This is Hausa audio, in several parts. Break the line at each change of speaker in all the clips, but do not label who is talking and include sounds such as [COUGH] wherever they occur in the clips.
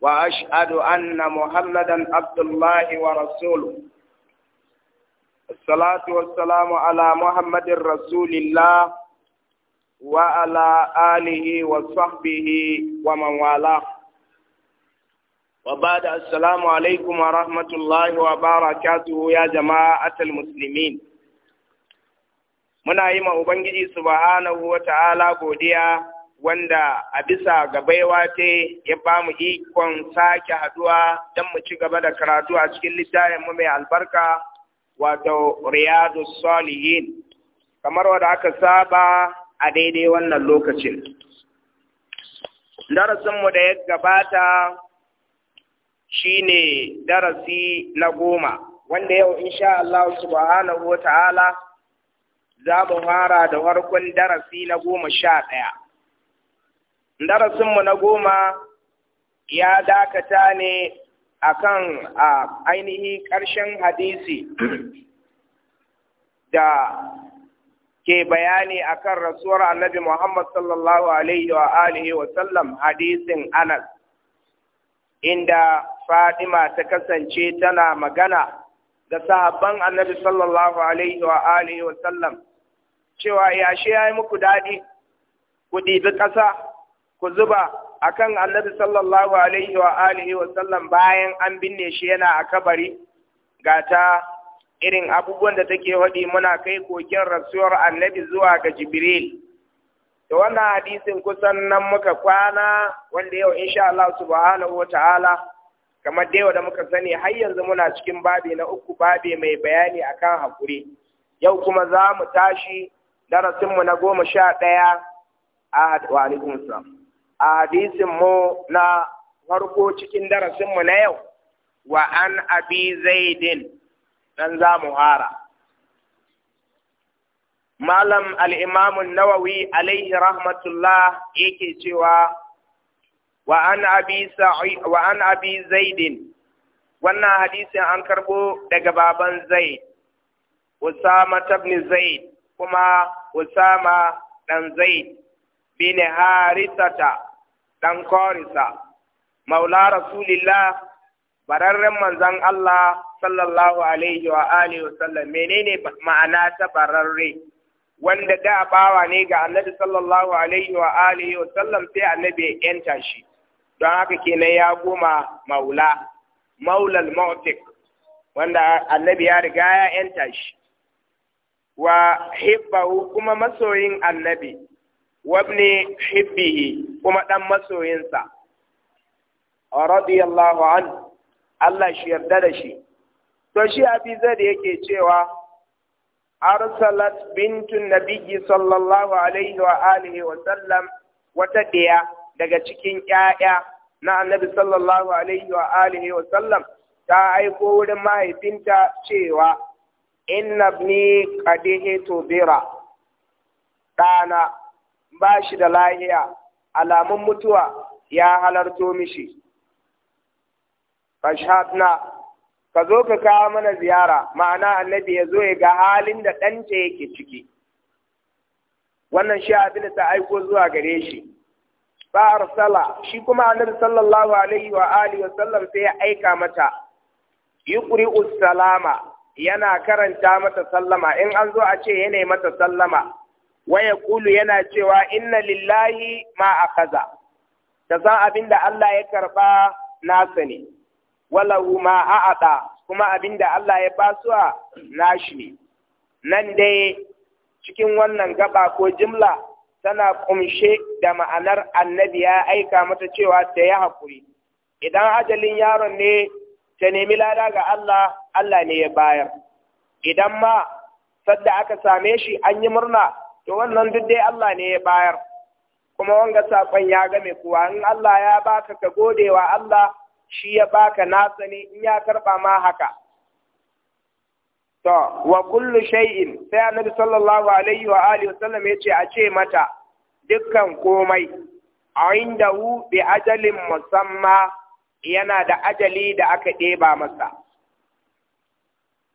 وأشهد أن محمدا عبد الله ورسوله الصلاة والسلام على محمد رسول الله وعلى آله وصحبه ومن والاه وبعد السلام عليكم ورحمة الله وبركاته يا جماعة المسلمين muna yi ma Ubangiji subhanahu wa ta'ala godiya wanda a bisa ga baiwa ce ya ba mu ikon sake haduwa don mu ci gaba da karatu a cikin littafin mu mai albarka wato riyadu salihin kamar wadda aka saba a daidai wannan lokacin Darasin mu da ya gabata shine darasi na goma wanda yau insha Allah subhanahu wa ta'ala za mu fara da farkon darasi na goma sha ɗaya darasinmu na goma ya dakata ne akan a ainihi ƙarshen hadisi [CLEARS THROAT] da ke bayani akan rasuwar annabi Muhammad sallallahu alaihi wa alihi wa sallam hadisin Anas inda Fatima ta kasance tana magana da sahabban annabi sallallahu alaihi wa alihi wa sallam cewa yashe ya yi muku daɗi ku ɗibi ƙasa ku zuba akan annabi sallallahu alaihi wa alihi wa sallam bayan an binne shi yana a kabari ga ta irin abubuwan da take waɗi muna kai kokin rasuwar annabi zuwa ga jibril da wannan hadisin kusan nan muka kwana wanda yau insha Allah subhanahu wa ta'ala kamar dai da muka sani har yanzu muna cikin babi na uku babi mai bayani akan hakuri yau kuma za mu tashi darasinmu na goma sha ɗaya a wa alaikum a hadisin mu na farko cikin darasin mu na yau wa an abi zaidin dan za mu hara malam al-imam an-nawawi alaihi rahmatullah yake cewa wa an abi wa zaidin wannan hadisin an karbo daga baban zaid usama ibn zaid kuma usama dan zaid bin harisata ɗan korisa maula rasulillah bararren manzan Allah sallallahu alaihi wa alihi wasallam menene ma'ana ta bararre wanda da bawa ne ga annabi sallallahu alaihi wa alihi wasallam sai annabi ya yanta shi don haka kenan ya goma maula maulal mautik wanda annabi ya riga ya yanta shi wa hibbahu kuma masoyin annabi wabni hibbihi kuma ɗan masoyinsa radiyallahu an Allah shi yarda da shi to shi abi zai yake cewa arsalat bintun nabiyyi sallallahu alaihi wa alihi wa sallam wata ɗaya daga cikin ƴaƴa na annabi sallallahu alaihi wa alihi wa sallam ta aiko wurin mahaifinta cewa inna ibni qad hitubira ɗana ba shi da lahiya alamun mutuwa ya halarto mishi Fashatna, ka zo ka kawo mana ziyara ma'ana annabi ya zo ya ga halin da ɗanta yake ciki wannan shi abin da ta aiko zuwa gare shi ba arsala shi kuma annabi sallallahu alaihi wa alihi wa sallam sai ya aika mata yuqri salama yana karanta mata sallama in an zo a ce yana mata sallama waya kulu yana cewa inna lillahi ma akaza da san abinda Allah ya karba nasa ne walahu ma a'ata kuma abinda Allah ya basuwa nashi ne nan dai cikin wannan gaba ko jimla tana kumshe da ma'anar annabi ya aika mata cewa ta yi haƙuri idan ajalin yaron ne ta nemi lada ga Allah Allah ne ya bayar idan ma sadda aka same shi an yi murna to wannan duk dai Allah ne ya bayar kuma wanga sakon ya mai kuwa in Allah ya baka ka godewa Allah shi ya baka nasa ne in ya karɓa ma haka to wa kullu shay'in sai annabi sallallahu alaihi wa alihi wa sallam yace a ce mata dukkan komai a hu bi ajalin musamma yana da ajali da aka ɗeba masa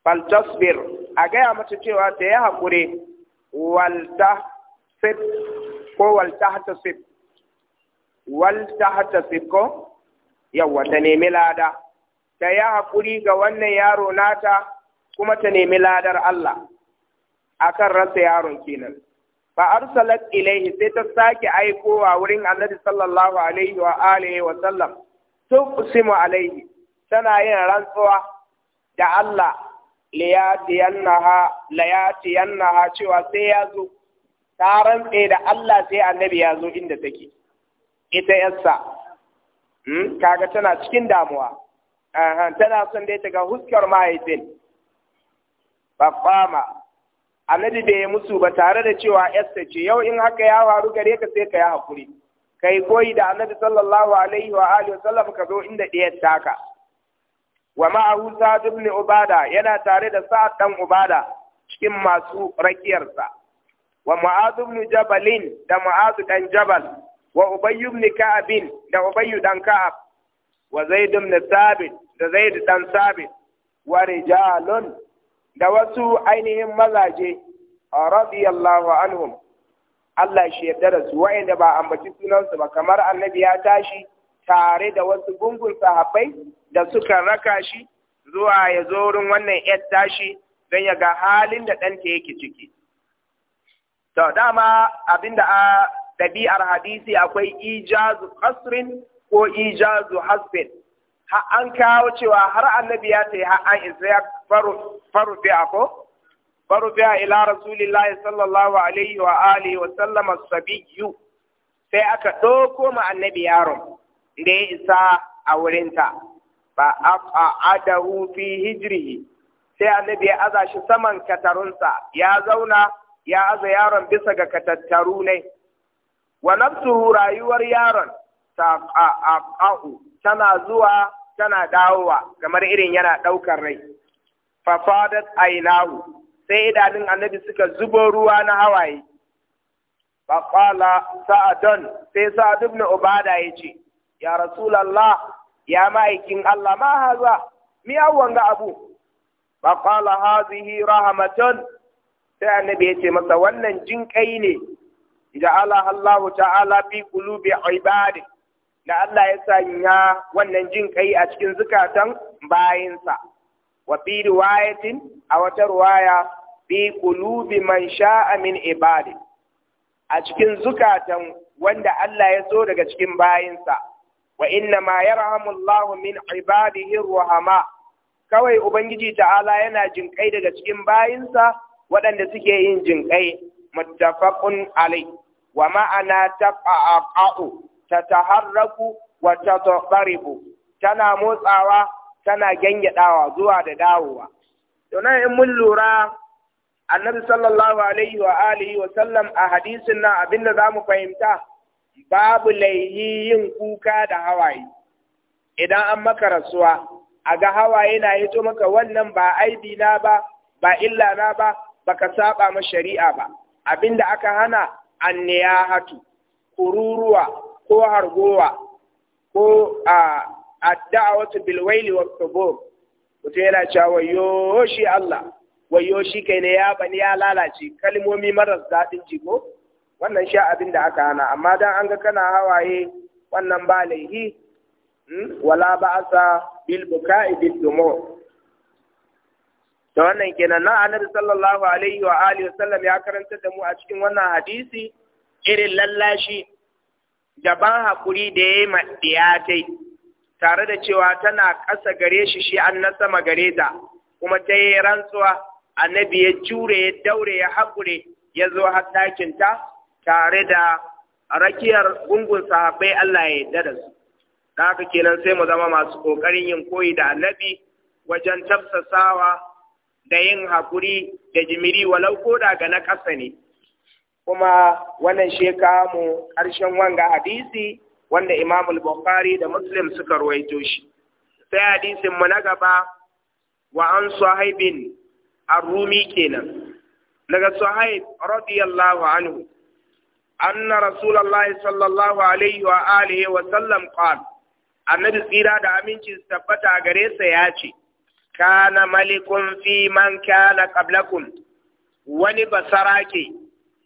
fal tasbir a gaya mata cewa ta yi haƙuri walta sib ko walta hata sib walta hata sib ko yawa ta nemi lada ta yi haƙuri ga wannan yaro nata kuma ta nemi ladar Allah akan rasa yaron kenan fa arsalat ilaihi sai ta sake aikowa wurin annabi sallallahu alaihi wa alihi wa sallam tuqsimu alaihi tana yin rantsuwa da Allah ha cewa sai ya zo ta tsaye da Allah sai annabi ya zo inda take ita yassa hmm, kaga tana cikin damuwa tana son dai ta ga huskar mahaifin fafama annabi bai yi musu ba tare da cewa yassa ce yau in haka ya faru gare ka sai ka yi hakuri kai koyi da annabi sallallahu alaihi wa alihi wa sallam ka zo inda ɗiyar taka wa ma'ahu sa'ad ubada yana tare da sa'ad ɗan ubada cikin masu rakiyarsa wa mu'adh jabalin da mu'adh ɗan jabal wa ubay ibn ka'ab da ubay dan ka'ab wa zaid ibn thabit da zaid dan thabit wa rijalun da wasu ainihin mazaje radiyallahu Anhu. Allah shi yarda da su wa'inda ba a ambaci sunansu ba kamar annabi ya tashi tare da wasu gungun sahabbai da suka raka shi zuwa ya zo wurin wannan ‘yar tashi don ya ga halin da ɗanta yake ciki. To, dama abinda a ɗabi'ar hadisi akwai ijazu kasrin ko ijazu hasbin. Ha an kawo cewa har annabi ya ta yi ha an isa ya faru a ko? Faru a ila Rasulillah sallallahu alaihi wa alihi wa sallama yu. sai aka ɗauko ma annabi yaron. da ya isa a wurinta ba a adahu fi hijrihi sai annabi ya aza shi saman katarunsa ya zauna ya aza yaron bisa ga katattaru ne wa nafsuhu rayuwar yaron ta tana zuwa tana dawowa kamar irin yana ɗaukar rai fafadat ainahu sai idanun annabi suka zubo ruwa na hawaye faƙala sa'adon sai sa'ad ibn ubada ya ce ya rasulallah ya ma'aikin Allah ma haza mi ga abu fa qala hadhihi rahmatun sai annabi yace masa wannan kai ne ja'ala Allah ta'ala fi qulubi ibadi da Allah ya sanya wannan jin jinkai a cikin zukatan bayinsa wa fi riwayatin a wata riwaya fi qulubi man sha'a min ibadi a cikin zukatan wanda Allah ya so daga cikin bayinsa wa inna ma yarhamullahu min ibadihi ruhama kawai ubangiji ta'ala yana jinkai daga cikin bayinsa waɗanda suke yin jinkai muttafaqun alai wa ma'ana taqa'aqu tataharraku wa tatqaribu tana motsawa tana gangadawa zuwa da dawowa to nan in mun lura annabi sallallahu alaihi wa alihi wa sallam a hadisin nan abinda zamu fahimta babu laihi yin kuka da hawaye idan an maka rasuwa a ga hawaye na hito maka wannan ba aibi na ba ba illa na ba baka saba ma shari'a ba abinda aka hana hatu, kururuwa ko hargowa ko a da'a wata bilwaili was subur mutum yana cewa wayo shi Allah wayo shi kai ne ya bani ya lalace kalmomi maras daɗin jiko wannan sha abin da aka hana amma dan an ga kana hawaye wannan ba laihi hmm? wala ba'asa bil buka'i bil dumu to wannan kenan na annabi sallallahu alaihi wa alihi wasallam ya karanta da mu a cikin wannan hadisi irin lallashi gaban hakuri da yayi maɗiyatai tare da cewa tana ƙasa gare shi shi an na sama gare ta kuma ta yi rantsuwa annabi ya jure ya daure ya haƙure ya zo har ta. tare da rakiyar gungun sahabbai Allah ya yarda da su da haka kenan sai mu zama masu kokarin yin koyi da annabi wajen tafsasawa da yin hakuri da jimiri walau ko da ga na ƙasa ne kuma wannan sheka mu karshen wanga hadisi wanda Imam al-Bukhari da Muslim suka ruwaito shi sai hadisin mu na gaba wa an sahibin ar-rumi kenan daga sahib radiyallahu anhu anna rasulullahi sallallahu alaihi wa alihi wa sallam qal annabi tsira da aminci tabbata gare sa ya ce kana malikun fi man kana wani basarake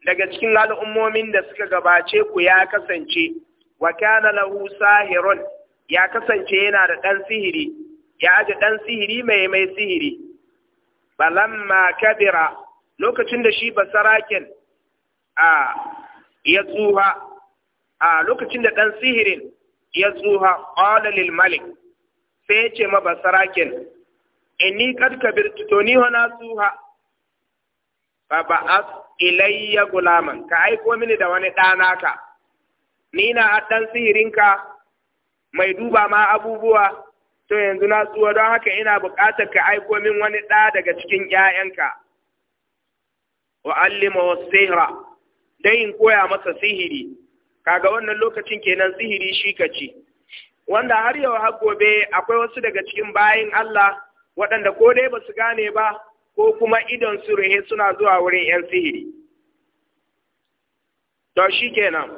daga cikin al'ummomin da suka gabace ku ya kasance wa kana lahu sahirun ya kasance yana da ɗan sihiri ya aje ɗan sihiri mai mai sihiri balamma kabira lokacin da shi basaraken a ya tsuha a lokacin da ɗan sihirin ya tsuha ƙwalalil malik sai ya ce ma basarakin inni kad birtu to ni wana tsuha ba a ilayya gulaman ka aiko mini da wani ɗanaka ni na ɗan sihirinka mai duba ma abubuwa to yanzu na tsuwa don haka ina buƙatar ka aiko min wani ɗa daga cikin ‘ya'yanka wa allima wa sihra dan in koya masa sihiri kaga wannan lokacin kenan sihiri shi ci. wanda har yau har gobe akwai wasu daga cikin bayin Allah waɗanda ko dai basu gane ba ko kuma idon su rehe suna zuwa wurin yan sihiri to shi kenan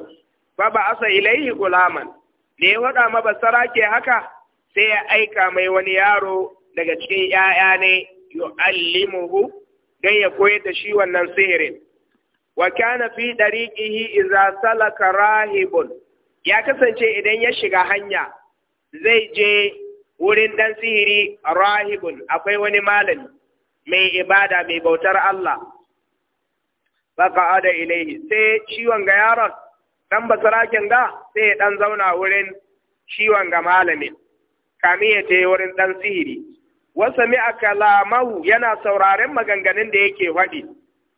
baba asa ilaihi gulaman da ya mabasara ke haka sai ya aika mai wani yaro daga cikin ‘ya'ya ne yu'allimuhu dan ya koyar da shi wannan sihirin. wa kana fi dariqihi salaka rahibun ya kasance idan ya shiga hanya zai je wurin dan sihiri rahibun akwai wani malami mai ibada mai bautar Allah faqa'ada ilaihi sai ciwon ga yaron dan basarakin ga sai ya dan zauna wurin ciwon ga malamin kamin ya je wurin dan sihiri wasa mi yana sauraren maganganun da yake faɗi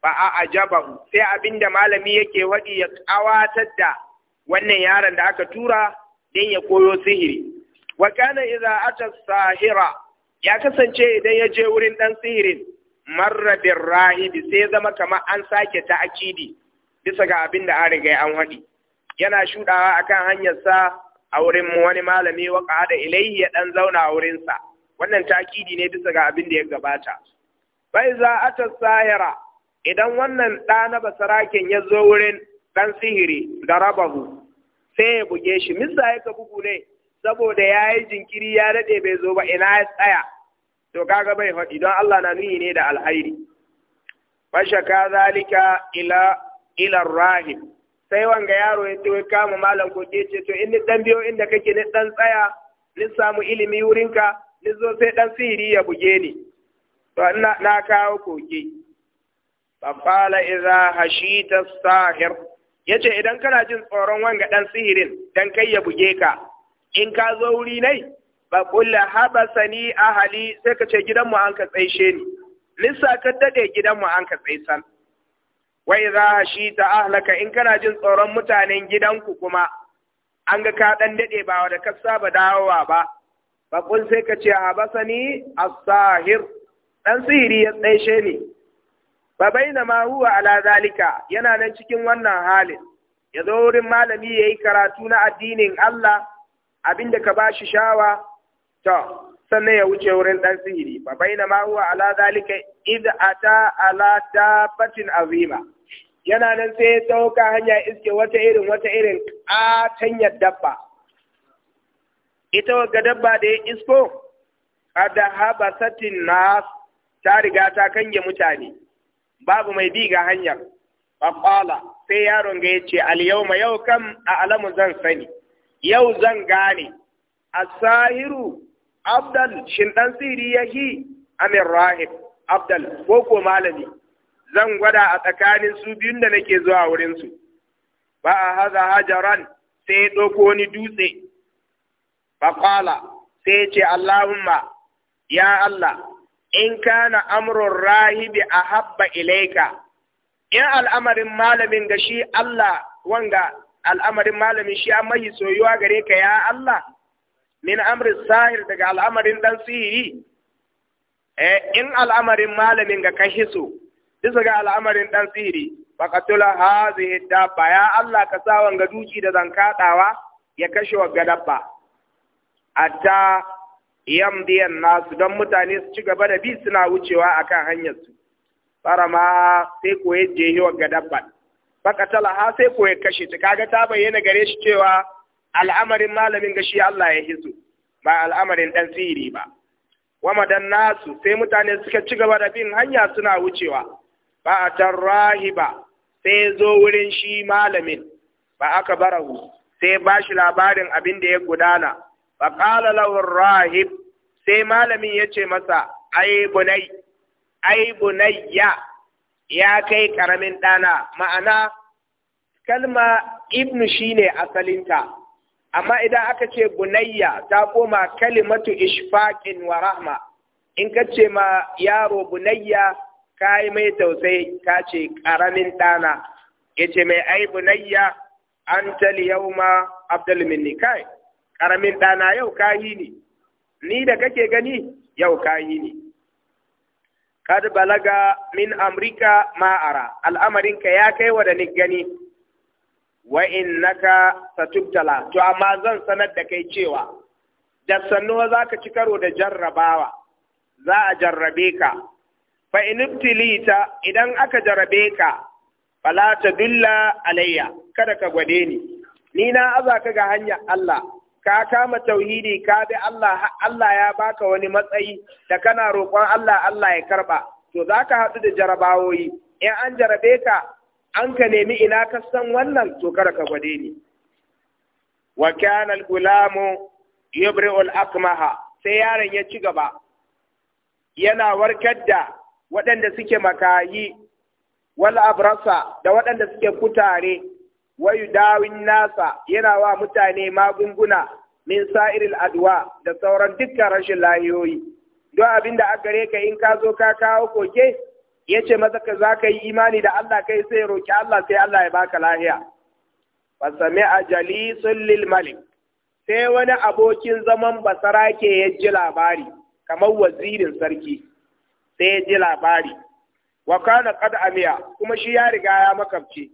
Ba a ajaba sai abinda malami yake wadi ya kawatar da wannan yaron da aka tura dan ya koyo sihiri wa kana idza ata sahira ya kasance idan ya je wurin dan sihirin marra bir rahibi sai zama kamar an sake akidi bisa ga abinda an riga an wadi yana shuɗawa akan hanyar sa a wurin wani malami wa da ilayhi ya ɗan zauna a wurin sa wannan takidi ne bisa ga abin da ya gabata bai za ata sahira idan wannan ɗa na basaraken ya zo wurin ɗan sihiri da rabahu sai ya buge shi misa ya bugu ne saboda ya yi jinkiri ya daɗe bai zo ba ina ya tsaya to kaga bai faɗi don Allah na nuni ne da alhairi fashaka zalika ila ila sai wanga yaro ya tawo kama malam ko ke ce to in ni dan biyo inda kake ni dan tsaya ni samu ilimi wurinka ni zo sai ɗan sihiri ya buge ni to na kawo koke faƙala iza hashita sahir ya ce idan kana jin tsoron wanga ɗan sihirin dan kai ya buge ka in ka zo wuri nai ba kulla habasa ni ahali sai ka ce gidanmu an ka tsaishe ni nisa daɗe gidanmu an ka tsaisan wa iza hashita ahlaka in kana jin tsoron mutanen gidanku kuma an ga ka ɗan daɗe ba da kasa ba dawowa ba ba kun sai ka ce habasa ni sahir Ɗan sihiri ya tsaishe ni fa bainama huwa ala zalika yana nan cikin wannan halin ya zo wurin malami ya yi karatu na addinin Allah abinda ka ba shi shawa to sannan ya wuce wurin ɗan sihiri fa baina ma huwa ala zalika id ata ala tabatin azima yana nan sai ya sauka hanya iske wata irin wata irin katanyar dabba ita wagga dabba da ya isko kada habasatin na ta riga ta kange mutane babu mai bi ga hanyar faƙala sai yaron ga yace al ma yau kam a alamu zan sani yau zan gane A sahiru, abdal shin dan ya yahi amir rahim, abdal ko ko malami zan gwada a tsakanin su biyun da nake zuwa wurinsu. ba a haza hajaran sai ya ɗauko wani dutse faƙala sai ya ce Allahumma ya Allah in kana amrun rahibi a habba ilaika in al'amarin malamin ga shi Allah wanga al'amarin malamin shi an mai soyuwa gare ka ya Allah min amrin sahir daga al'amarin dan sihiri eh in al'amarin malamin ga ka hiso bisa ga al'amarin dan sihiri faqatula hazihi dabba ya Allah ka sa wanga duki da zankadawa ya kashe wa gadabba atta yamdiyan nasu don mutane su ci gaba da bi suna wucewa akan hanyar su farama sai ko ya je ga dabba fakatala ha sai ko kashe ta kaga ta bayyana gare shi cewa al'amarin malamin gashi Allah ya hizo ba al'amarin ɗan sihiri ba wamadan nasu sai mutane suka ci gaba da bin hanya suna wucewa ba a rahiba sai zo wurin shi malamin ba aka barahu sai ba shi labarin abin da ya gudana faƙala lawar rahib sai malamin ya ce masa ai bunai ai bunayya ya kai ƙaramin ɗana ma'ana kalma ibnu shine asalinta amma idan aka ce bunayya ta koma kalimatu ishfaqin wa rahma in ka ce ma yaro bunayya ka yi mai tausayi ka ce ƙaramin ɗana yace mai ai bunayya an tali yau ma abdul minni karamin ɗana yau kayi yi ni, da kake gani yau kayi ne Kad balaga min Amurka ma'ara, al'amarinka ya kai wa da ni gani, wa innaka satubtala, to amma zan sanar da kai cewa, da sannu za ka ci karo da jarrabawa, za a jarrabe ka, fa inibtilita idan aka jarrabe ka, fala ta dulla alayya, kada ka gwade ni, ni na aza ga hanyar Allah. ka kama tauhidi ka bi Allah Allah ya baka wani matsayi da kana roƙon Allah Allah ya karba to zaka hadu da jarabawoyi in an jarabe ka an ka nemi ina ka san wannan to kada ka gode ni wa kana al-gulamu yubri'u al-akmaha sai yaron ya ci gaba yana warkar da waɗanda suke makayi wal abrasa da waɗanda suke kutare wa dawin nasa yana wa mutane magunguna min sa'iril adwa da sauran dukkan rashin lahiyoyi don abin da aka ka in ka zo ka kawo koke ya ce maza ka za ka yi imani da Allah kai sai roƙi Allah sai Allah ya baka lahiya sami a jalisun lil malik sai wani abokin zaman basarake ya ji labari kamar wazirin sarki sai ya ji labari wa kada a miya. kuma shi ya riga ya makabci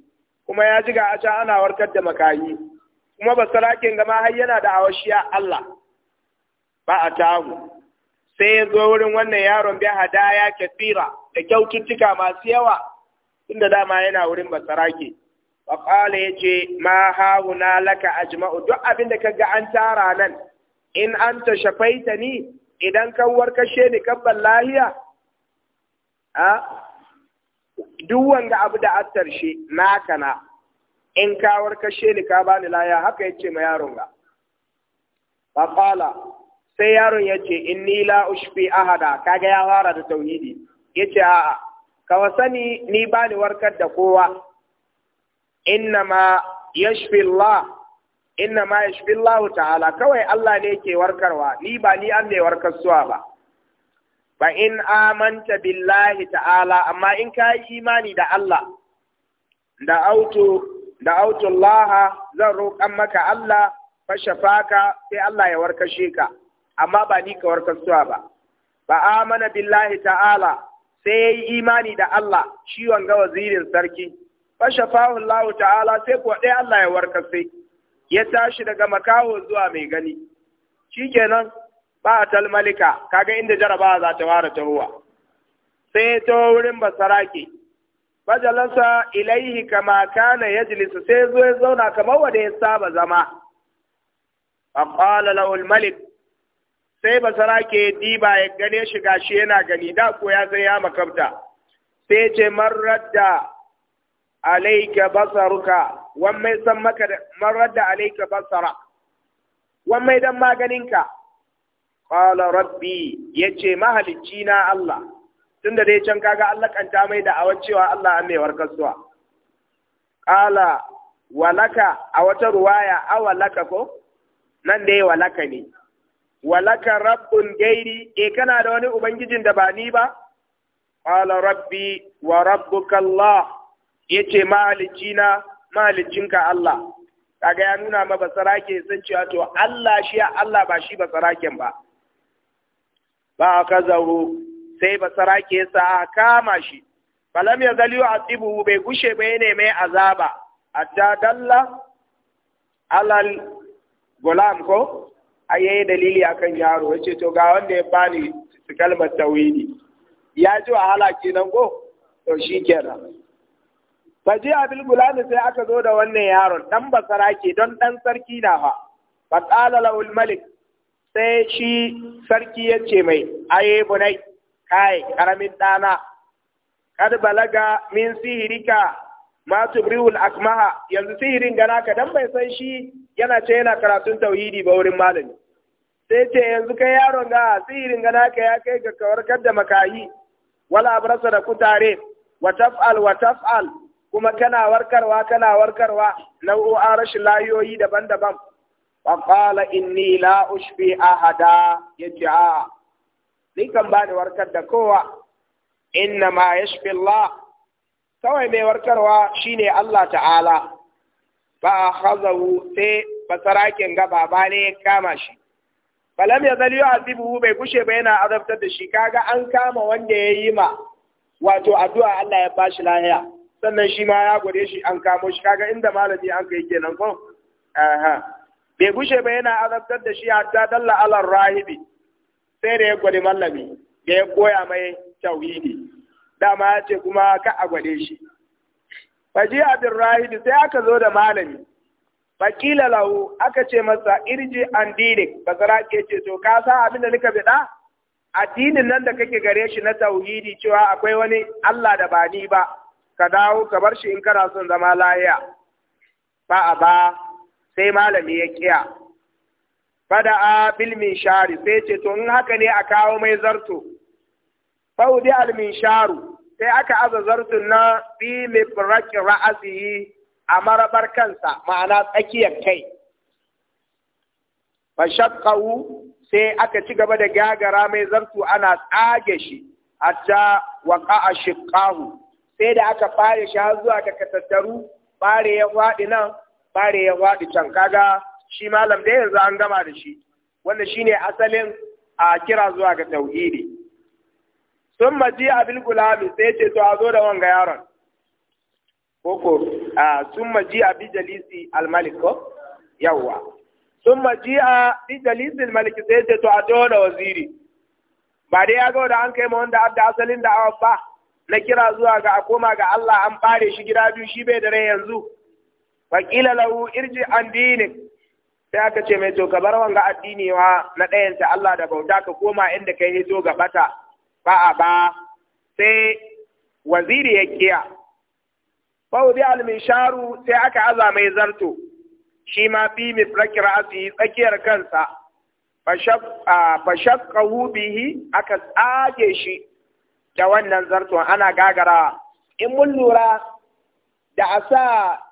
kuma ya ji ga asha ana warkar da makayi kuma ba sarakin gama har yana da awashiya Allah ba a tahu sai ya zo wurin wannan yaron bai hadaya kafira da kyaututtuka masu yawa tunda dama yana wurin sarake wa qala yace ma hauna laka ajma'u duk abin da kaga an tara nan in anta shafaita ni idan kan warkashe ni kabban lahiya a duk wanda abu da asar shi naka na in ka warkashe ni ka bani laya haka yace ma yaron ga qala sai yaron yace inni la ushfi ahada kaga ya fara da tauhidi yace a'a ka wasani ni bani warkar da kowa innama yashfi Allah innama yashfi Allah ta'ala kawai Allah ne yake warkarwa ni ba ni an ne warkar suwa ba Ba in amanta billahi ta'ala amma in ka yi imani da Allah da auto da auto Allah zan roƙan maka Allah fa shafaka sai Allah ya warkashe ka amma ba ni ka warkasuwa ba fa amana billahi ta'ala sai yi imani da Allah ciwon ga wazirin sarki fa shafahu Allah ta'ala sai ko dai Allah ya warkase ya tashi daga makaho zuwa mai gani shikenan ba malika kaga inda jaraba za ta ware tahowa sai ta wurin basaraki bajalansa ilaihi kama kana yajlisu sai zo ya zauna kamar wanda ya saba zama A lahu al-malik sai basarake diba ya gane shi gashi yana gani da ko ya zai ya makabta sai ce marradda alaika basaruka wan mai san maka marradda alaika basara dan maganinka qala rabbi yace mahalicci na Allah tunda dai can kaga Allah kanta mai da awa cewa Allah mai kasuwa. Kala walaka a wata ruwaya walaka ko nan dai walaka ne walaka rabbin gairi e kana da wani ubangijin da ba ni ba qala rabbi wa rabbuka Allah yace mahalicina mahalicinka Allah kaga ya nuna ma basarake san cewa to Allah shi Allah ba shi basaraken ba ba aka zauro sai ba sarake sa kama shi falam ya zali asibu bai gushe bai ne mai azaba ta dalla alal gulam ko yayi dalili akan yaro yace to ga wanda ya bani kalmar tawhidi ya ji halaki kenan ko to shi shikenan faji abil gulam sai aka zo da wannan yaron dan basara ke don dan sarki na fa lahu al malik sai shi sarki ya ce mai aye bunai kai karamin ɗana kad balaga min sihirika ma tubrihul akmaha yanzu sihirin gana ka dan bai san shi yana ce yana karatun tauhidi ba wurin malami sai ce yanzu kai yaron ga sihirin gana ka ya kai ga kawarkar da makahi wala abrasa da kutare wa taf'al wa taf'al kuma kana warkarwa kana warkarwa nau'o'a rashin layoyi daban-daban faƙala inni la ushfi ahada ya ce a ni kan da kowa inna ma yashfi Allah kawai mai warkarwa shine Allah ta'ala ba khazahu sai basarakin gaba ba ne ya kama shi falam ya zaliyo azibuhu bai bushe ba yana azabtar da shi kaga an kama wanda ya yi ma wato addu'a Allah ya bashi lahiya sannan shi ma ya gode shi an kamo shi kaga inda malami an yi kenan ko bai gushe ba yana azabtar da shi hatta dalla alar rahibi sai da ya gwani mallami da ya koya mai tauhidi dama ya ce kuma ka a gwade shi faji abin rahibi sai aka zo da malami fakila lahu aka ce masa irji an ba zara ke ce to ka sa abin da nika bida addinin nan da kake gare shi na tauhidi cewa akwai wani Allah da ba ni ba ka dawo ka bar shi in kana son zama lahiya ba a ba sai malami ya kiya fada a bilmin shari sai ce to in haka ne a kawo mai zarto faudi almin sharu sai aka aza zartun na fi ra'azi yi a marabar kansa ma'ana tsakiyar kai fashakkahu sai aka ci gaba da gagara mai zartu ana tsage shi hatta a Shikahu. sai da aka fare shi har zuwa ga katattaru fara ya faɗi nan bare ya faɗi can kaga shi malam da yanzu an gama da shi wanda shine asalin a kira zuwa ga tauhidi sun maji abil gulami sai ce to a zo da wanga yaron koko a sun maji a bi jalisi almaliko yawwa sun maji a bi jalisi almalik sai ce to a zo da waziri ba dai ya ga da an kai ma wanda abda asalin da awa ba na kira zuwa ga a koma ga Allah an bare shi gida biyu shi bai da rai yanzu faƙila lahu irji an sai aka ce mai to ka bar wanga addini wa na ɗayanta Allah da bauta ka koma inda kai hito ga bata ba a ba sai waziri ya kiya bi al-misharu sai aka aza mai zarto shi ma fi mifraki ra'asi tsakiyar kansa fashakkahu bihi aka tsage shi da wannan zarton ana gagara in mun lura da a sa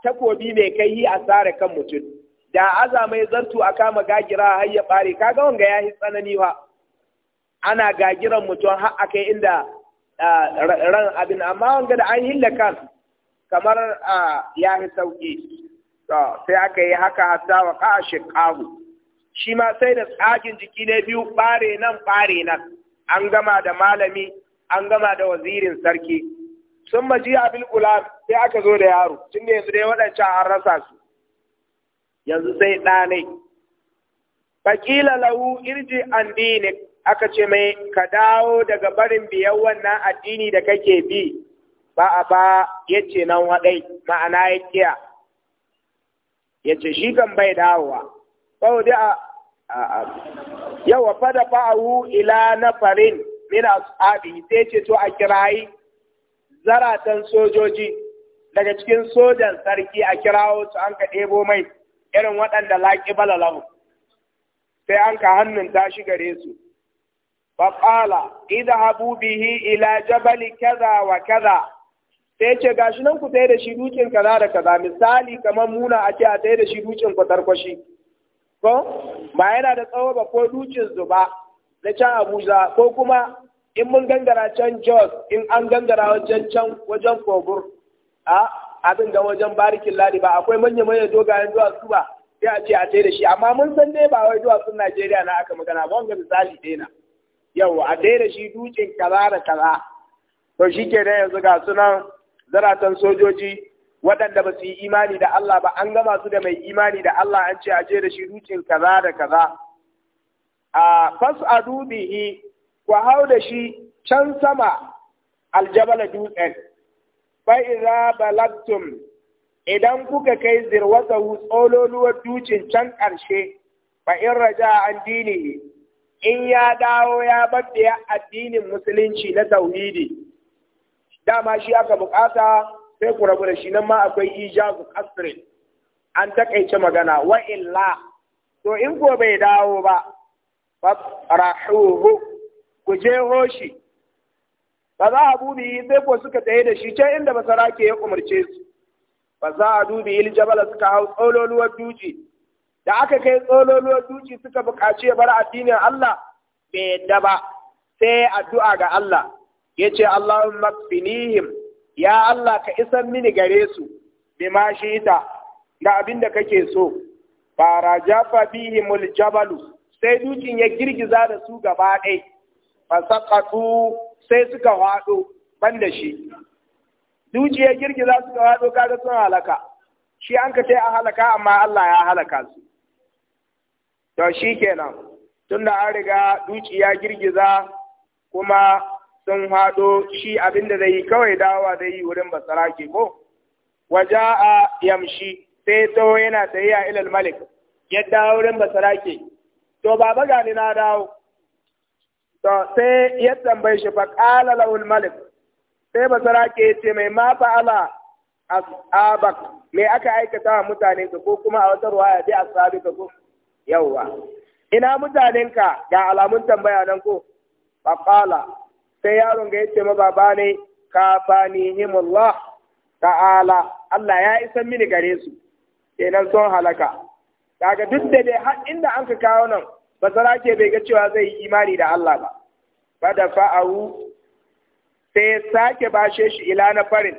takobi mai kai yi a sare kan mutum da aza mai zartu a kama gagira har ya bare kaga wanga ya yi tsanani fa ana gagiran mutum har kai inda ran abin amma wanga da an hilla kan kamar ya yi sauki sai aka yi haka hatta wa ka ƙahu. shi ma sai da tsakin jiki na biyu bare nan bare nan an gama da malami an gama da wazirin sarki sun maji abin gulam sai aka zo da yaro tun da yanzu dai waɗancan an rasa su yanzu sai ɗa ne faƙila lahu irji an dini aka ce mai ka dawo daga barin biyan wannan addini da kake bi ba a ba ya ce nan waɗai ma'ana ya kiya ya ce shi kan bai dawowa bau da yawa fada fa'ahu ila na farin min ashabi sai ce to a kirayi zaratan sojoji daga cikin sojan sarki a kirawo su an ka ɗebo mai irin waɗanda laƙi balalahu sai an ka hannun tashi gare su faƙala Habu bihi ila jabali kaza wa kaza sai ce gashi nan ku da shi dukin kaza da kaza misali kamar muna a ce a tsaye da shi dukin ku tarkwashi ko ba yana da tsawo ba ko dukin zuba na can abuja ko kuma in mun gangara can Jos in an gangara wajen can wajen Kogur a abin da wajen barikin ladi ba akwai manya manya dogayen duwatsu ba sai a ce a tsaye da shi amma mun san dai ba wai duwatsun Najeriya na aka magana ba wanda misali dai na yau a tsaye da shi dutsen kaza da kaza to shi ke da yanzu ga sunan zaratan sojoji waɗanda ba su yi imani da Allah ba an gama su da mai imani da Allah an ce a je da shi dutsen kaza da kaza a fas'adu bihi ku hau da shi can sama aljabala dutsen fa Balaktum, idan kuka kai zirwatahu tsololuwar dukin can ƙarshe ba in raja an dinihi in ya dawo ya babbiya addinin musulunci na tauhidi dama shi aka bukata sai ku rabu da shi nan ma akwai ijazu kasrin an takaice magana wa illa to in ko bai dawo ba fa rahuhu ku jeho shi ba za a bubi sai ko suka tsaye da shi can inda basarake ya umarce su ba za a dubi il jabala suka hau tsololuwar duji da aka kai tsololuwar duji suka buƙaci ya bar addinin Allah bai yadda ba sai addu'a ga Allah ya ce Allahumma kfinihim ya Allah ka isar mini gare su bima shita da abin da kake so fara jafa bihimul jabalu sai dukin ya girgiza da su gaba ɗaya fasaqatu sai suka wado da shi dukiya girgiza suka wado kaga sun halaka shi an ka a halaka amma Allah ya halaka su to shi kenan. tunda an riga dukiya girgiza kuma sun hado shi abinda zai yi kawai dawa zai yi wurin basara ke ko waja'a yamshi sai to yana tafiya ilal malik Yadda wurin basara ke to baba gani na dawo to sai ya tambaye shi fa qala lahul malik sai basara ke ce mai ma ala ashabak me aka aikata wa mutane su? ko kuma a wata ruwaya bi ashabi ka ko yawa ina mutanen ka ga alamun tambaya nan ko fa qala sai yaron ga yace ma baba ne himullah ta'ala Allah ya isa mini gare su kenan sun halaka daga duk da dai har inda an ka kawo nan basara ke bai ga cewa zai yi imani da Allah ba ba da fa'ahu sai sake bashe shi ila na farin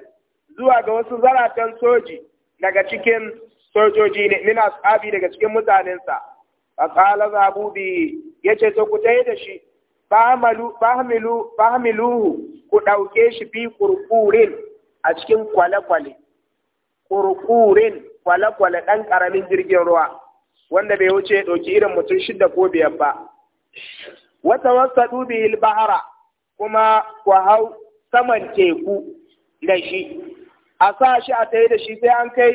zuwa ga wasu zaratan soji daga cikin sojoji ne min ashabi daga cikin mutanensa fa qala zabu bi yace to ku tayi da shi fahamilu ku ɗauke shi fi kurkurin a cikin kwale-kwale kurkurin kwale-kwale dan karamin jirgin ruwa wanda bai wuce ya ɗauki irin mutum shida ko biyar ba wata wasa ɗubi bahara kuma ku hau saman teku da shi a sa shi a tsaye da shi sai an kai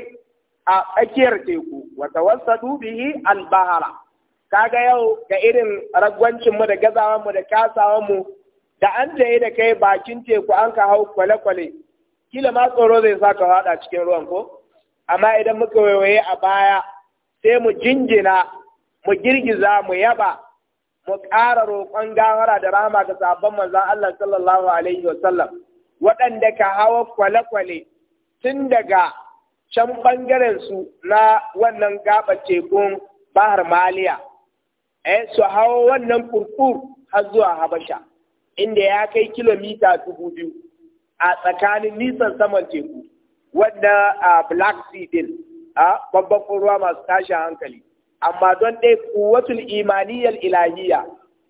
a tsakiyar teku wata wasa dubi Ka kaga yau ga irin ragwancin mu da gazawan da kasawan mu da an tayi da kai bakin teku an ka hau kwale-kwale kila ma tsoro zai sa ka fada cikin ruwan ko amma idan muka waiwaye a baya sai mu jingina mu girgiza mu yaba mu ƙara roƙon gawara da rama ga sabon manzon Allah sallallahu alaihi wasallam waɗanda ka hawa kwale-kwale tun daga can ɓangaren su na wannan gaba tekun bahar maliya eh su hawa wannan kurkur har zuwa habasha inda ya kai kilomita dubu biyu a tsakanin nisan saman teku wadda a ah, black sea din a babban ruwa masu tashin hankali amma don dai kuwatul imaniyar ilahiyya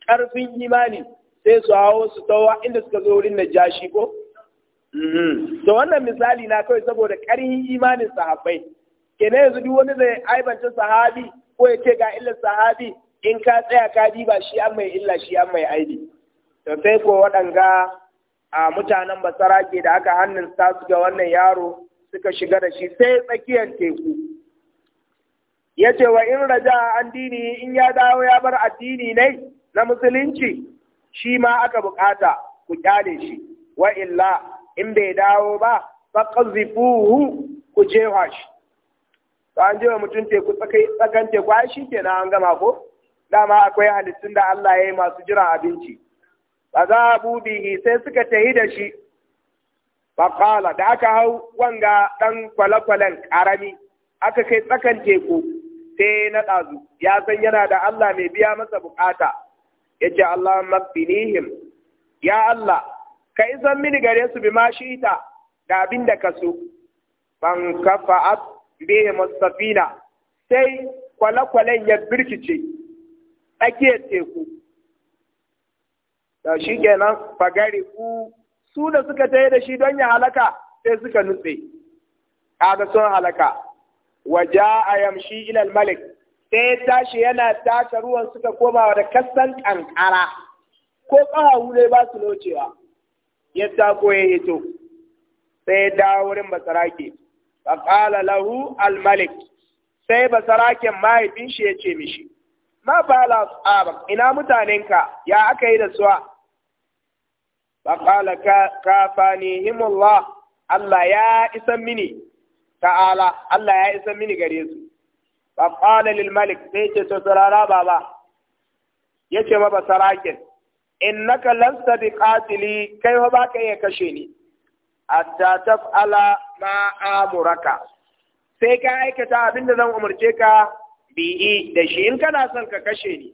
ƙarfin imani sai su hawo su tawa inda suka zo wurin jashi ko mhm. to wannan misali na kawai saboda ƙarfin imanin sahabbai kenan yanzu duk wani zai aibanta sahabi ko ya ce ga illar sahabi in ka tsaya ka diba shi an mai illa shi an mai aibi to sai ko waɗanga a mutanen basara ke da aka hannun su ga wannan yaro suka shiga da shi sai tsakiyar teku ya ce wa in raja an dini in ya dawo ya bar addini ne na musulunci shi ma aka bukata ku kyale shi wa illa in bai dawo ba hu, ku jefa shi to an jewa mutum teku tsakan teku ai shi kenan an gama ko dama akwai halittun da Allah ya yi masu jiran abinci Ba za a bihi sai suka tahi da shi faƙala da aka hau wanga ɗan kwale-kwalen ƙarami aka kai tsakan teku sai na ɗazu ya san yana da Allah mai biya masa bukata ya ce Allah maffinihim ya Allah ka san mini gare su bi ma ita da abin da ka so ban kafa bihi musafina sai kwale-kwalen ya birkice tsakiyar teku da shi kenan fagari ku su da suka tayi da shi don ya halaka sai suka nutse kaga sun halaka waja a yamshi ilal malik sai tashi yana taka ruwan suka koma da kasan kankara ko ƙahahu ne ba su locewa ya ta ya hito sai ya dawo wurin basarake faƙala lahu al-malik sai basaraken mahaifin shi ya ce mishi ma ba ina mutanenka ya aka yi da suwa فقال كافانيهم الله الله يا اسمني تعالى الله يا اسمني غريز فقال للملك سيتي سرارا بابا yace ma basarakin innaka lasta bi qatili kai fa baka iya kashe ni hatta ma amuraka sai ka aikata abinda zan umarce ka bi'i da shi in kana son ka kashe ni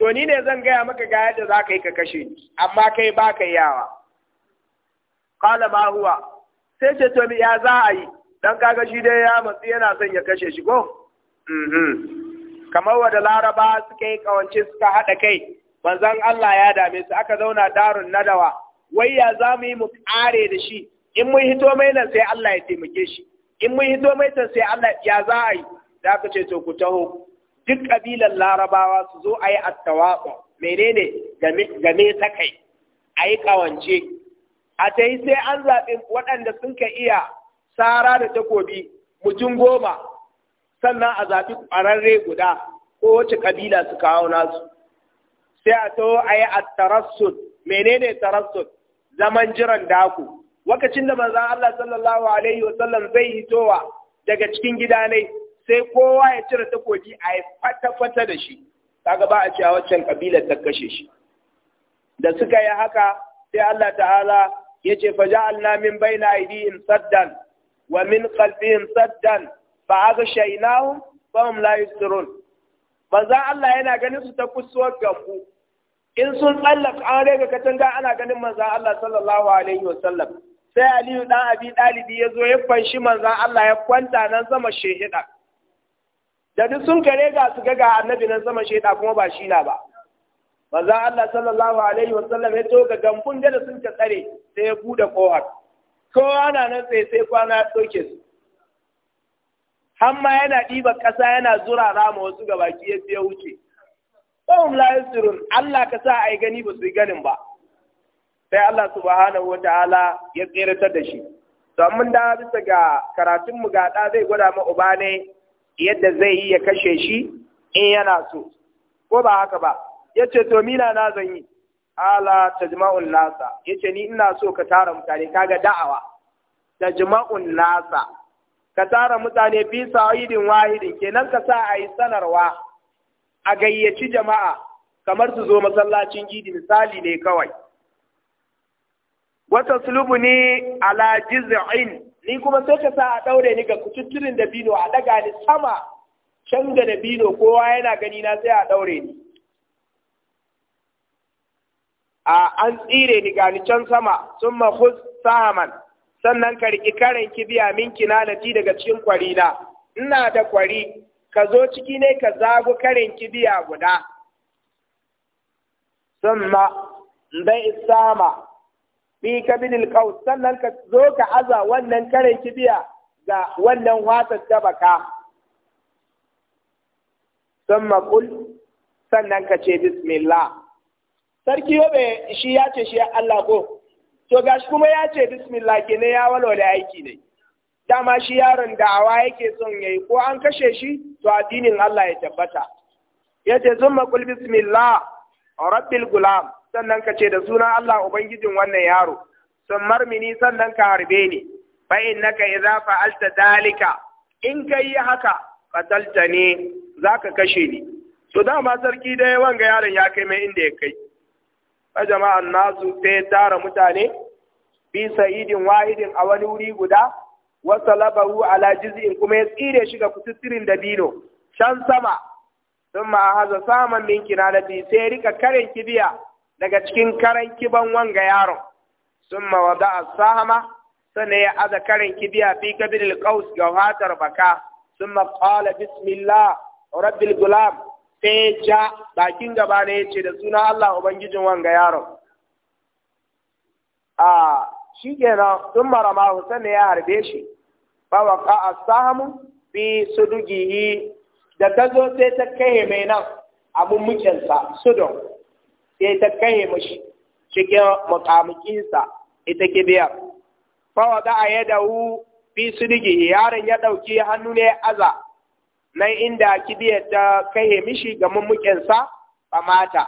to ni ne zan gaya maka ga yadda za ka yi ka kashe ni amma kai ba ka yawa kala ma huwa sai ce to ya za a yi dan kaga shi dai ya matsi yana son ya kashe shi ko mhm. kamar da laraba suka yi kawance suka haɗa kai manzon Allah ya dame su aka zauna darun nadawa wai ya za mu yi mu kare da shi in mun hito mai nan sai Allah ya taimake shi in mun hito mai nan sai Allah ya za a yi da aka ce to ku taho duk ƙabilan larabawa su zo a yi attawaɓa menene game ta kai a yi ƙawance a ta yi sai an zaɓi waɗanda sun ka iya tsara da takobi mutum goma sannan a zaɓi ƙwararre guda ko wace ƙabila su kawo nasu sai a to a yi attarassud menene tarassud zaman jiran daku Wakacin da manzon Allah sallallahu alaihi wa sallam zai hitowa daga cikin gida ne sai kowa ya cire takobi a yi fata-fata da shi kaga ba a cewa waccan kabilar ta kashe shi da suka yi haka sai Allah ta'ala ya ce fa namin min baina aydihim saddan wa min khalfihim saddan fa aghshaynahum ba mu layu yusirun Maza Allah yana ganin su ta kusuwar gambu in sun tsallaka an rega katanga ana ganin maza Allah sallallahu alaihi sallam. sai Aliyu ɗan Abi ɗalibi ya zo ya fanshi manzan Allah ya kwanta nan sama shehida da duk sun kare ga su ga annabi nan sama shaida kuma ba shi na ba manzo Allah sallallahu alaihi wa sallam ya toka ga gambun da sun ka tsare sai ya bude kohar kowa na nan sai sai kwana ya doke su hamma yana diba kasa yana zura rama wasu ga baki ya fiye wuce ƙwam layin surun Allah ka sa a yi gani ba su yi ganin ba sai Allah subhanahu wa ta'ala ya tseratar da shi to mun da bisa ga karatunmu ga da zai gwada ma uba ne yadda zai yi ya kashe shi in yana so ko ba haka ba yace to mina na zan yi ala jima'un nasa yace ni ina so ka tara mutane kaga da'awa jima'un nasa ka tara mutane fi sa'idin wahidin kenan ka sa ayi sanarwa a gayyaci jama'a kamar su zo masallacin gidi misali ne kawai wata sulubu ne ala jiz'in ni kuma sai ka sa a ɗaure ni ga kututturin da bino a ɗaga ni sama can da bino kowa yana gani na sai a ɗaure ni a an tsire ni ni can sama sun mahus sahaman sannan ka riƙi karin kibiya min ji daga cikin kwari na ina da kwari ka zo ciki ne ka zago karen kibiya guda sun ma bai sama bi kabinil qaus sannan ka zo ka aza wannan karin kibiya ga wannan watsar ta baka thumma qul sannan ka ce bismillah sarki yobe shi ya ce shi Allah ko to gashi kuma ya ce bismillah ke ne ya walwala aiki ne dama shi yaron da'awa yake son yayi ko an kashe shi to addinin Allah ya tabbata yace thumma qul bismillah rabbil gulam sannan ka ce da sunan Allah ubangijin wannan yaro sun marmini sannan ka harbe ni fa innaka idza fa'alta dalika in ka yi haka fatalta ne Za ka kashe ni to dama sarki da yawan ga yaron ya kai mai inda ya kai fa jama'an nasu sai tara mutane Bisa sa'idin wahidin a wani wuri guda wasa labaru ala jiz'in kuma ya tsire shi ga kututturin dabino can sama sun ma haza saman min kinanati sai rika karen kibiya daga cikin karan kiban wanga yaron summa da sahama sannan ya aza karin kibiya fi kabil qaus ga hatar baka Sun qala bismillah rabbil gulam sai ja bakin gaba ne yace da suna Allah ubangijin wanga yaron a shi kenan sun marama ne ya harbe shi fa waqa'a sahamu fi sudugihi da ta zo sai ta kai mai nan abun mukensa sudon sai ta kai mashi cikin mukamukinsa ita kibiyar fawa za a yada hu fi sidigi yaron ya ɗauki hannu ne aza nan inda kibiyar ta kai mishi ga mummukinsa ba mata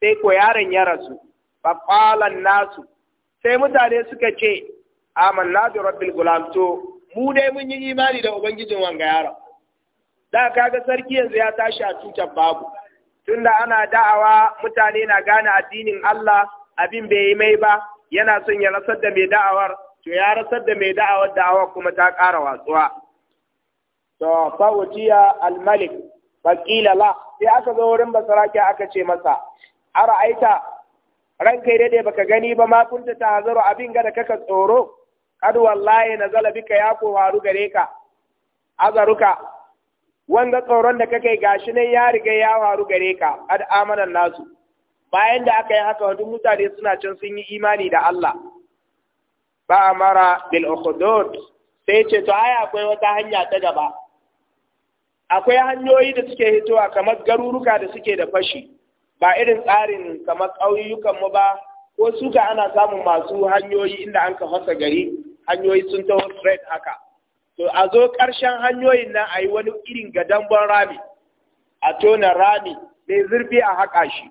sai ko yaron ya rasu ba kwalan nasu sai mutane suka ce amanna da rabbil gulam to mu dai mun yi imani da ubangijin wanga yaron da kaga sarki yanzu ya tashi a tutar babu tunda ana da'awa mutane na gane addinin Allah abin bai yi mai ba yana son ya rasar da mai da'awar to ya rasar da mai da'awar da'awa kuma ta ƙara watsuwa to fawujiya al-malik faqila la sai aka zo wurin basaraki aka ce masa ara'aita ranka yi dai baka gani ba ma kunta ta hazaro abin ga da kaka tsoro kad wallahi nazala bika ya ko faru gare ka azaruka wanga tsoron da kake gashi nan ya riga ya faru gare ka ad amanan nasu bayan da aka yi haka duk mutane suna can sun yi imani da Allah ba amara bil ukhudud sai ce to ai akwai wata hanya ta gaba akwai hanyoyi da suke hitowa kamar garuruka da suke da fashi ba irin tsarin kamar ƙauyukan mu ba ko suka ana samun masu hanyoyi inda an ka fasa gari hanyoyi sun taho straight haka to a zo ƙarshen hanyoyin nan a yi wani irin gadamban rami a tona rami mai zurfi a haƙa shi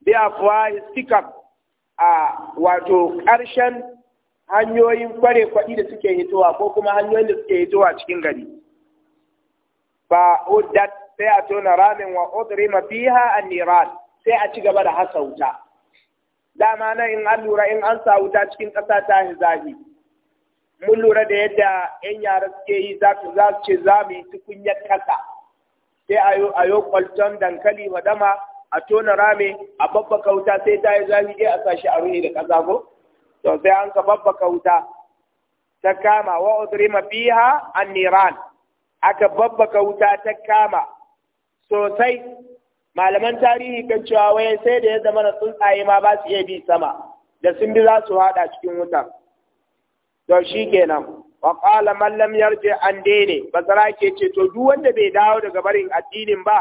bi a fuwa a wato ƙarshen hanyoyin kware kwaɗi da suke hitowa ko kuma hanyoyin da suke hitowa cikin gari ba uddat sai a tona ramin wa mafi fiha an-niran sai a ci gaba da hasa wuta dama nan in an lura in an sa wuta cikin ƙasa ta hizahi mun lura da yadda 'yan yara suke yi za su ce za mu yi tukunyar kasa sai a yi kwalton dankali madama a tona rame a babba kauta sai ta yi zafi a sashi a ruhi da kasa ko to sai an ka babba kauta ta kama wa udrima Biha an niran aka babba kauta ta kama sosai malaman tarihi kan cewa waye sai da ya zama na tsuntsaye ma ba su iya bi sama da sun bi za su haɗa cikin wutar to kenan wa qala man lam yarji an dini basara ke ce to duk wanda bai dawo daga barin addinin ba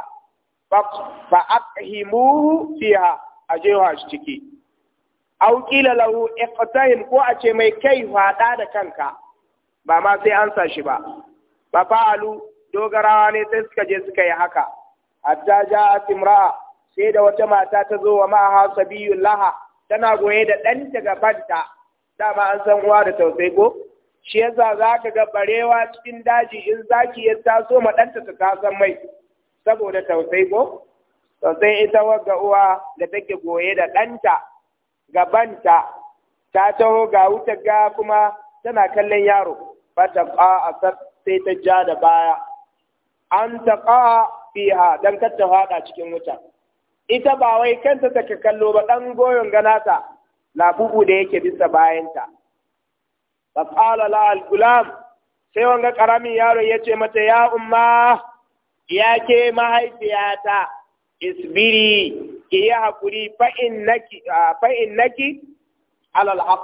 fa aqhimuhu fiha ajewa shi ciki aw qila lahu iqtahim ko a ce mai kai fada da kanka ba ma sai an sa shi ba ba fa'alu dogarawa ne sai suka je suka yi haka hatta ja'at imra'a sai da wata mata ta zo wa ma'aha sabiyul laha tana goye da ɗan daga banta dama an san uwa da tausayi ko shi yasa za ka ga barewa cikin daji in zaki ya taso ma ɗanta ta mai saboda tausayi ko tausayi ita wagga uwa da take goye da ɗanta gabanta ta taho ga wuta ga kuma tana kallon yaro Ba ta a ƙa'a sai ta ja da baya an ta ƙa'a fiha don kar ta faɗa cikin wuta ita ba wai kanta take kallo ba ɗan goyon ganata labubu da yake bisa bayanta fa qala la al gulam sai wanga ƙaramin yaro ya ce mata ya umma ya ke mahaifiyata isbiri ki yi hakuri fa innaki fa innaki alal haq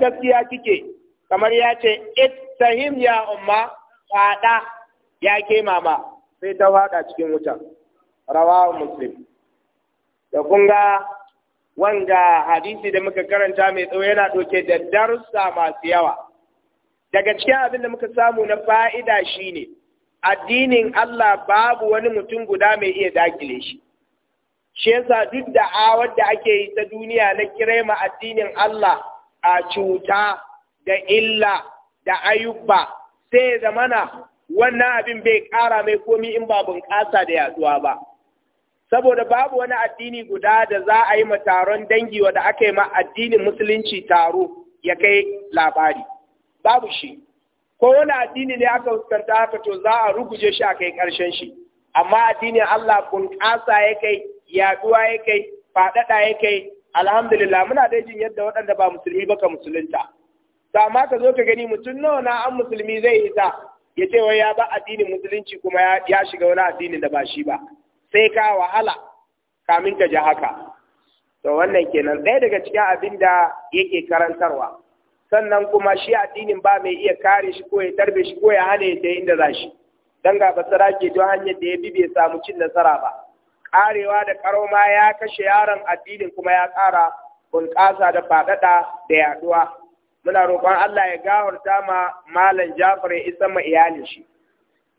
gaskiya kike kamar ya ce ittahim ya umma fada ya ke mama sai ta wada cikin wuta rawahu muslim da ƙunga. wanga hadisi da muka karanta mai tsawo yana ɗauke da darussa masu yawa daga cikin abin da muka samu na fa'ida shi ne, addinin Allah babu wani mutum guda mai iya dakile shi shi yasa duk da awar da ake yi ta duniya na kirema addinin Allah a cuta da illa da ayyuba sai zamana wannan abin bai kara mai komi in ba bunƙasa da yatsuwa ba saboda babu wani addini guda da za a yi ma taron dangi wanda aka yi ma addinin musulunci taro ya kai labari babu shi ko wani addini ne aka fuskanta haka to za a ruguje shi a kai karshen shi amma addinin Allah bunƙasa ya kai yaduwa ya kai faɗaɗa ya kai alhamdulillah muna da jin yadda waɗanda ba musulmi ba ka musulunta to amma ka zo ka gani mutum nawa na an musulmi zai yi ta ya ce wai ya ba addinin musulunci kuma ya shiga wani addinin da ba shi ba sai ka wahala kamin ka ji haka to wannan kenan ɗaya daga cikin abin da yake karantarwa sannan kuma shi addinin ba mai iya kare shi ko ya tarbe shi ko ya hana ya inda za shi dan ga basara ke don hanyar da ya bi bai samu cin nasara ba karewa da karo ya kashe yaron addinin kuma ya ƙara bunƙasa da faɗaɗa da yaɗuwa muna roƙon Allah ya gawarta ma malam Jafar ya isa ma iyalin shi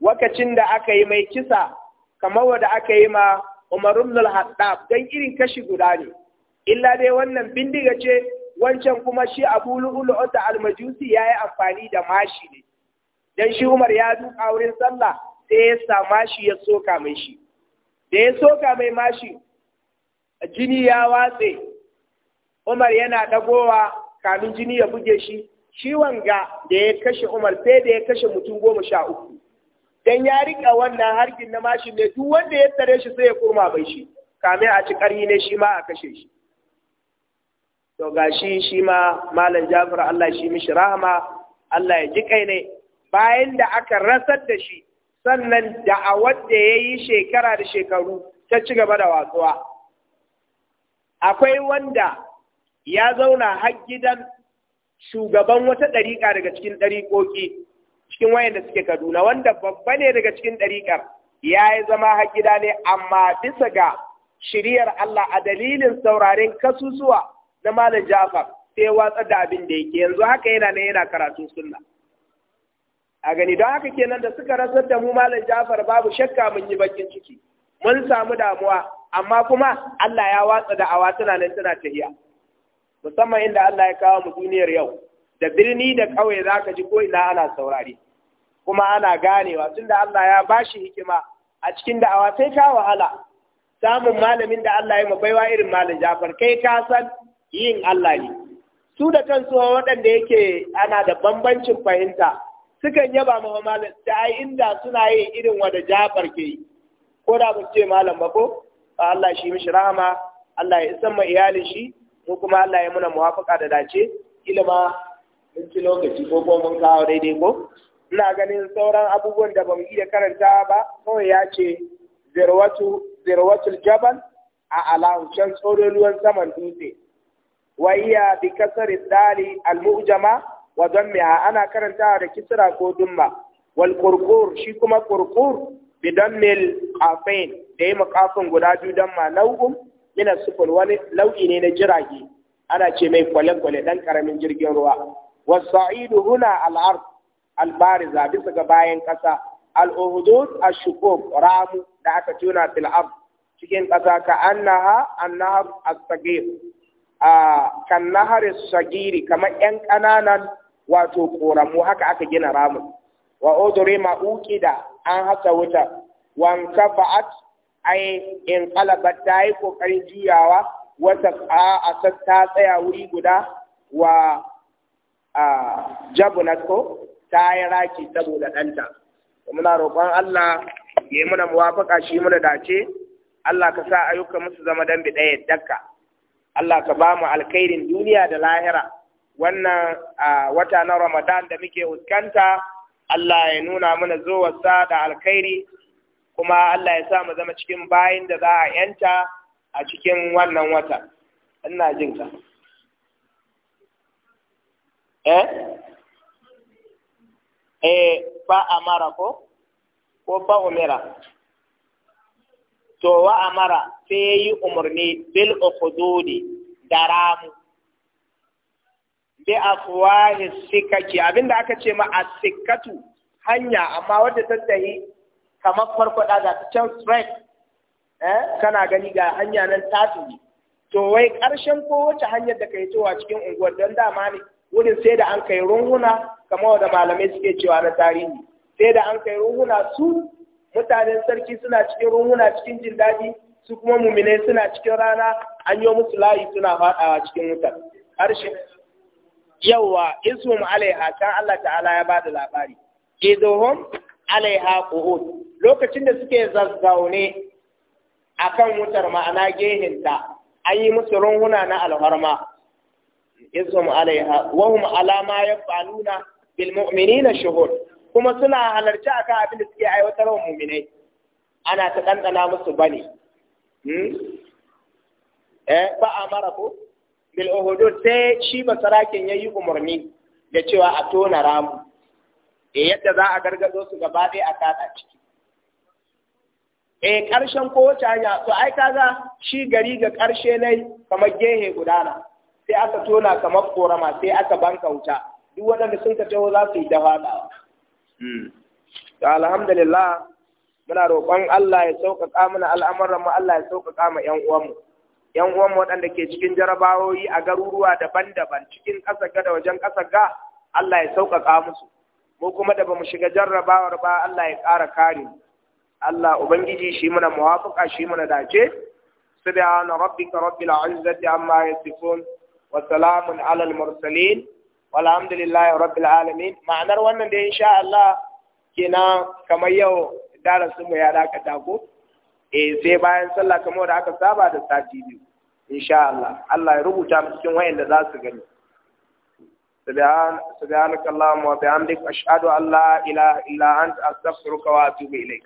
wakacin da aka yi mai kisa kamar wanda aka yi ma Umar ibn al-Hattab dan irin kashi guda ne illa dai wannan bindiga ce wancan kuma shi Abu Lu'lu'u ta al-Majusi yayi amfani da mashi ne dan shi Umar ya duka wurin sallah sai ya sa mashi ya soka mai shi da ya soka mai mashi jini ya watse Umar yana dagowa kamin jini ya buge shi ciwon ga da ya kashe Umar sai da ya kashe mutum goma sha uku dan ya rika wannan harkin na mashin ne duk wanda ya tare shi sai ya koma bai shi kame a ci ƙarni ne shi ma a kashe shi to gashi shi ma malam Jafar Allah shi mishi rahama Allah ya ji kai ne bayan da aka rasar da shi sannan da'awar da ya yi shekara da shekaru ta ci gaba da watsuwa akwai wanda ya zauna har gidan shugaban wata ɗariƙa daga cikin ɗariƙoƙi cikin wayanda suke Kaduna wanda babba ne daga cikin ɗariƙar ya yi zama haƙida ne amma bisa ga shiriyar Allah a dalilin sauraren kasusuwa na Malam Jafar sai watsar da abin da yake yanzu haka yana ne yana karatu sunna. A gani don haka kenan da suka rasar da mu Malam Jafar babu shakka mun yi bakin ciki. Mun samu damuwa amma kuma Allah ya watsa da awa tana nan tana tahiya. Musamman inda Allah ya kawo mu duniyar yau. da birni da ƙauye za ka ji ko ina ana saurare kuma ana ganewa tunda Allah ya bashi hikima a cikin da'awa sai ka wahala samun malamin da Allah ya baiwa irin malam Jafar kai ka san yin Allah ne su da kansu waɗanda yake ana da bambancin fahimta sukan yaba ma malam Da ai inda suna yi irin wanda Jafar ke yi ko da ba ce malam ba ko Allah shi mishi rahama Allah ya isan ma iyalin shi ko kuma Allah ya muna muwafaka da dace ilima mun ci lokaci ko ko mun kawo daidai ko ina ganin sauran abubuwan da bamu iya karanta ba kawai ya ce zirwatu zirwatul jabal a tsoron ruwan saman dutse wa iya bi kasar dali al-mu'jama wa dammiha ana karanta da kisra ko dumma wal qurqur shi kuma qurqur bi dammil qafain da yi makafin guda biyu dan ma nau'um min sufur wani nau'i ne na jirage ana ce mai kwale-kwale dan karamin jirgin ruwa was sa'idu huna al-ard albariza bisa ga bayan ƙasa al'uhudud ashukuk ramu da aka tuna fil cikin ƙasa ka annaha annahar as-sagir a kan sagiri kamar ƴan ƙananan wato koramu haka aka gina ramu wa udure ma uqida an hasa wuta wan kafa'at ai in qalabat tayi kokarin juyawa wata a ta tsaya wuri guda wa jabunat ta yi raki saboda ɗanta muna roƙon Allah ya yi muna muwafaƙa shi muna dace Allah ka sa ayyuka musu zama dan bi ɗaya daka. Allah ka ba mu alkhairin duniya da lahira wannan wata na Ramadan da muke fuskanta Allah ya nuna mana zuwarsa da alkhairi kuma Allah ya sa mu zama cikin bayin da za a yanta a cikin wannan wata ina jin eh e fa amara ko ko fa umira to wa amara sai yi umarni bil ukhududi daramu bi afwahi sikaki abinda aka ce ma asikatu hanya amma wanda ta tsayi kamar farfada ga can straight eh kana gani ga hanya nan ta to wai karshen wace hanyar da kai towa cikin unguwar don dama ne wurin sai da an kai runguna kamar da malamai suke cewa na tarihi sai da an kai runguna su mutanen sarki suna cikin runguna cikin jin daɗi su kuma muminai suna cikin rana an yi musu layi suna faɗawa cikin wutar harshe yawa mu alaiha kan Allah ta'ala ya bada labari idohum alaiha qu'ud lokacin da suke zazzaune akan wutar ma'ana gehinta an yi musu runguna na alharma izum alaiha wa hum ala ma yafaluna bil mu'minina shuhud kuma suna halarci akan abin da suke aiwatar wa mu'minai ana ta dandana musu bane eh fa amara ko bil uhudud sai shi ba basarakin yayi umarni da cewa a tona ramu e yadda za a gargado su gaba ɗaya a kada ciki e ƙarshen kowace hanya to ai kaga shi gari ga ƙarshe ne kamar gehe gudana sai aka tona kamar korama sai aka banka wuta duk waɗanda sun ka taho za su yi ta da hmm. alhamdulillah muna roƙon Allah ya sauƙaƙa mana al'amuran mu Allah ya sauƙaƙa ma ƴan uwanmu ƴan uwanmu waɗanda ke cikin jarabawoyi a garuruwa daban-daban cikin ƙasa ga da wajen ƙasa ga Allah ya sauƙaƙa musu mu kuma da bamu shiga jarrabawar ba Allah ya ƙara kare mu Allah ubangiji shi muna muwafaqa shi muna dace subhana rabbika rabbil izzati amma yasifun وسلام على المرسلين والحمد لله رب العالمين ma'anar wannan da insha Allah kina kamar yau darasin mu ya dakata ko eh sai bayan sallah kamar da aka saba da sati biyu insha Allah ya rubuta mu cikin wayanda za su gani سبحانك اللهم وبحمدك أشهد أن لا إله إلا أنت أستغفرك وأتوب إليك